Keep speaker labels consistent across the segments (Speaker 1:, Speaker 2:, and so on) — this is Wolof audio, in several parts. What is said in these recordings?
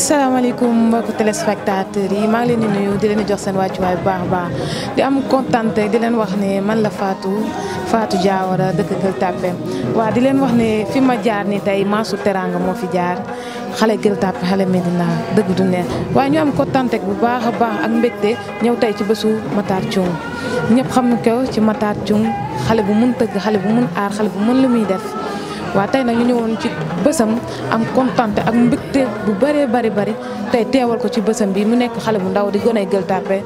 Speaker 1: asalaamaaleykum mbokki téléspectateurs yi maa ngi leen di nuyu di leen jox seen wàccuwaay bu baax baax di am kontaan di leen wax ne man la faatu faatu Diawara dëkk Gueule Tapée waa di leen wax ne fi ma jaar ni tey maasu teraanga moo fi jaar xale Gueule Tapée xale Medina dëgg du neex waaye ñu am kontaan bu baax a baax ak mbégte ñëw tey ci bésu Matar Thiong ñëpp xam kew ci Matar Thiong xale bu mun tëgg xale bu mun aar xale bu mën lu muy def waa tey nag ñu ñëwoon ci bësam am kontante ak mbégte bu bëree bari bari tey teewal ko ci bësëm bi mu nekk xale bu ndaw di gone Gueule Tapée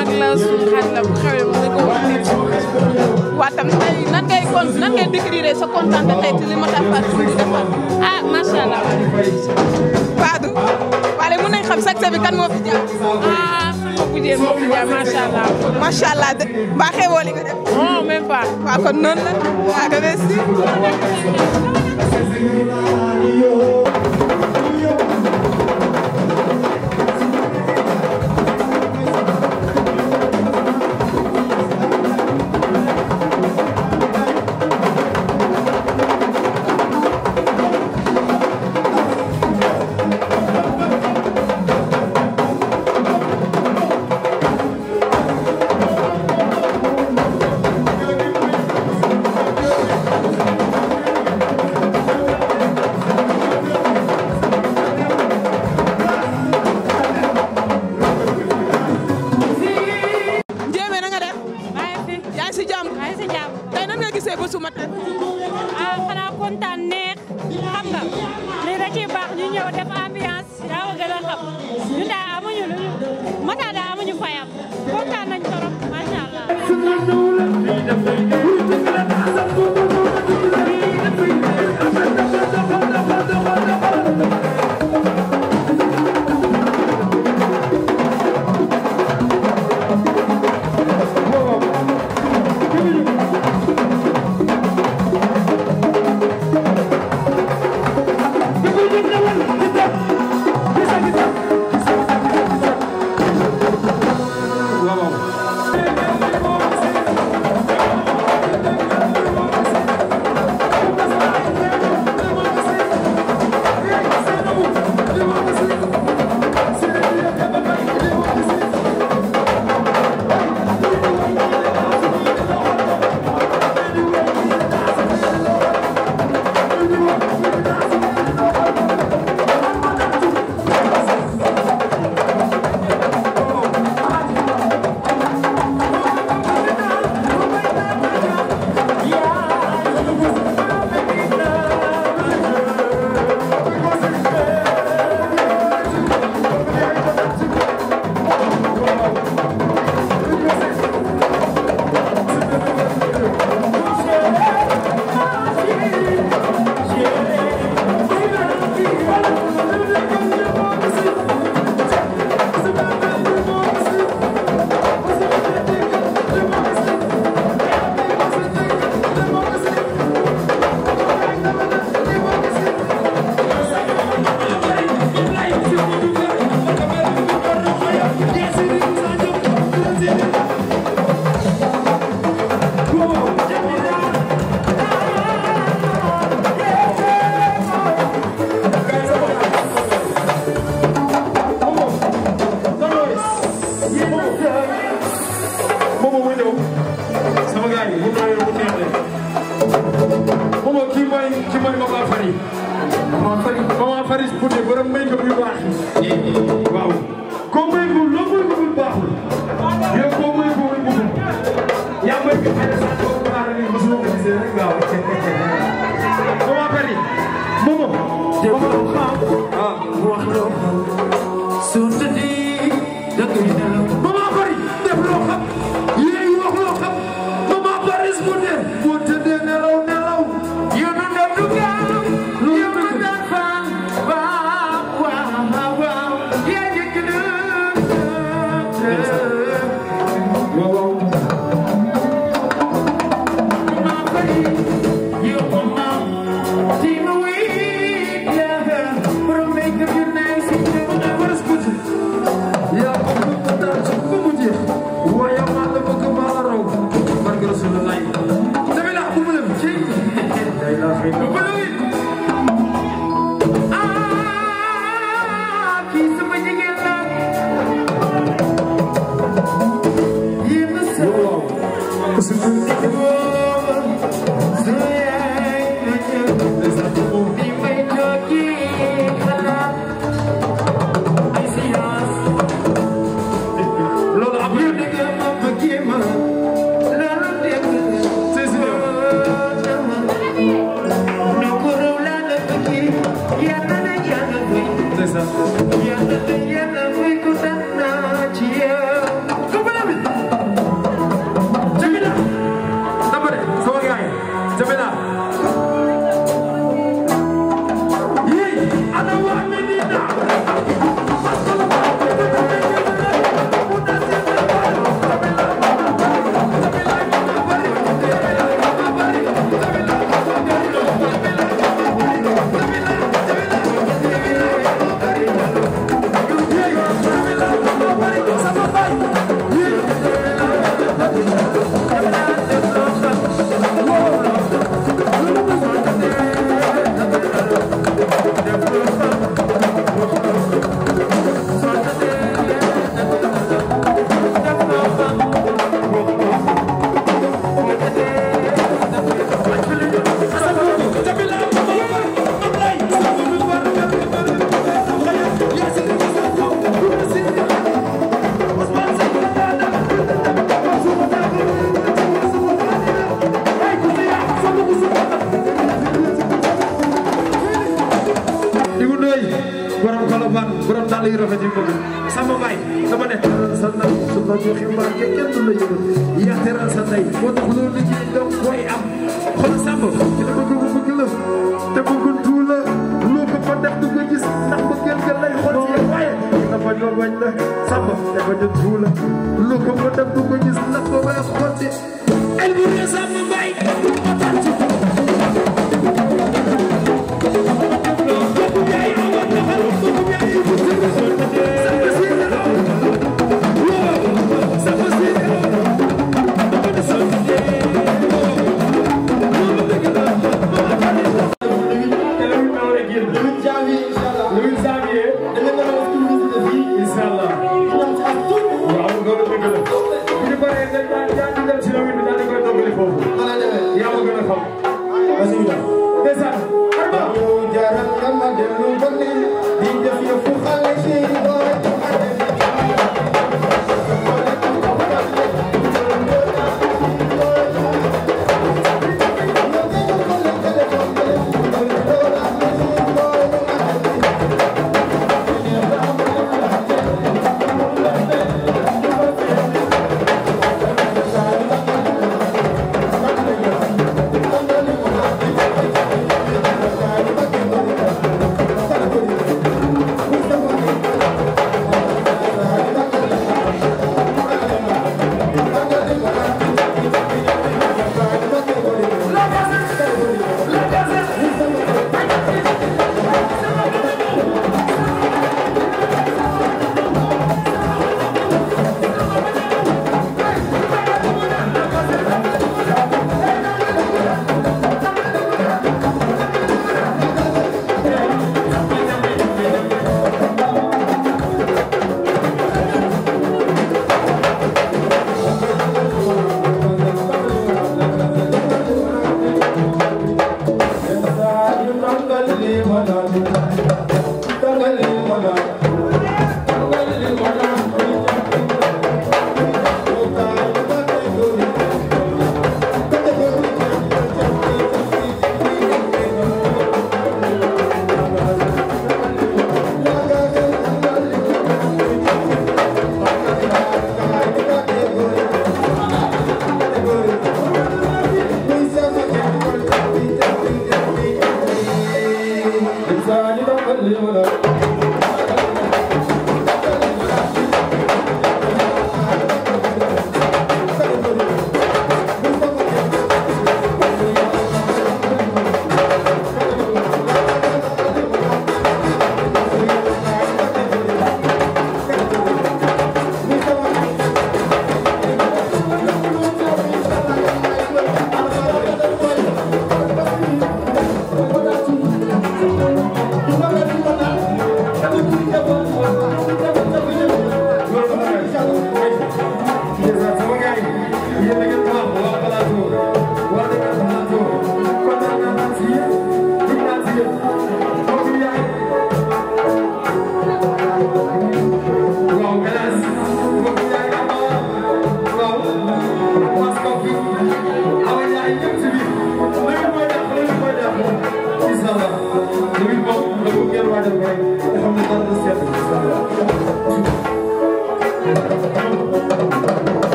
Speaker 1: mag la suñu xarit la bu xewee mu ngi ko wax nit waa tam tey nan ngay kon nan ngay décrire sa kontaan te tey ci li ma defar ci li defar ah macha allah. Badou waaye mën nañ xam sax bi kan moo fi jaar ah sama bujjee moo fi jaar macha allah. macha allah de mbaa xewoo li nga def. non même pas. waaw kon noonu la waaw merci. teral sa ndey moo tax loolu la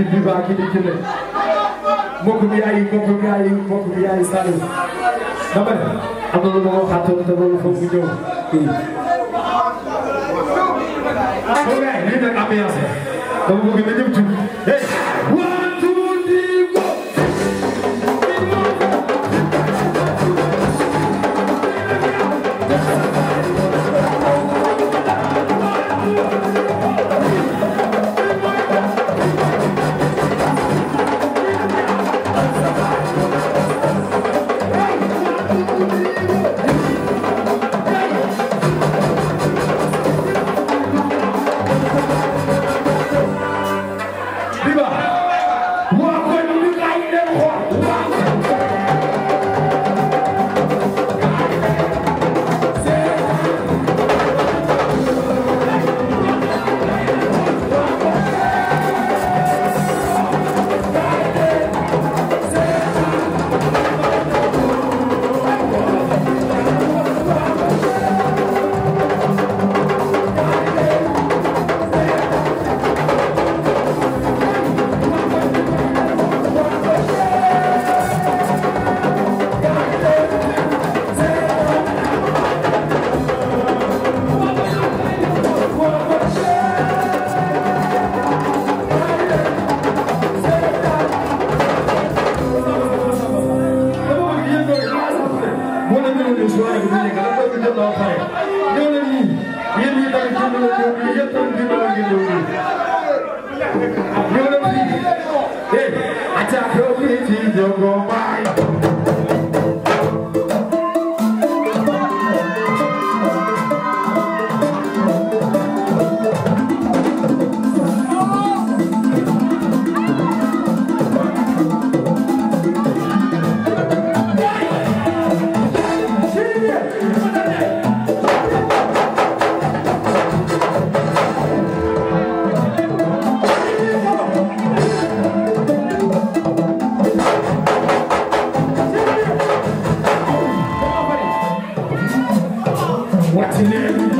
Speaker 1: di Diva kii di Kine mbokk bi yaay mbokk bi yaay mbokk bi yaay Saloum dama ne am na lu ma waxaatoon te loolu foofu ñëw kii. soo gaay lii nag ambiance la dama bëgg na ñëpp tuuti hey. fi nekk da bëgg jëm loo pare ñëw leen nii yéen ñi daal jëm la ñëw nii yëpp tam jëm la ngeen ñëw nii ñëw leen fii eh acca doo fi ci jogo maa What's your name?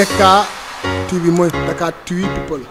Speaker 1: DK TV mooy Dakar TV people.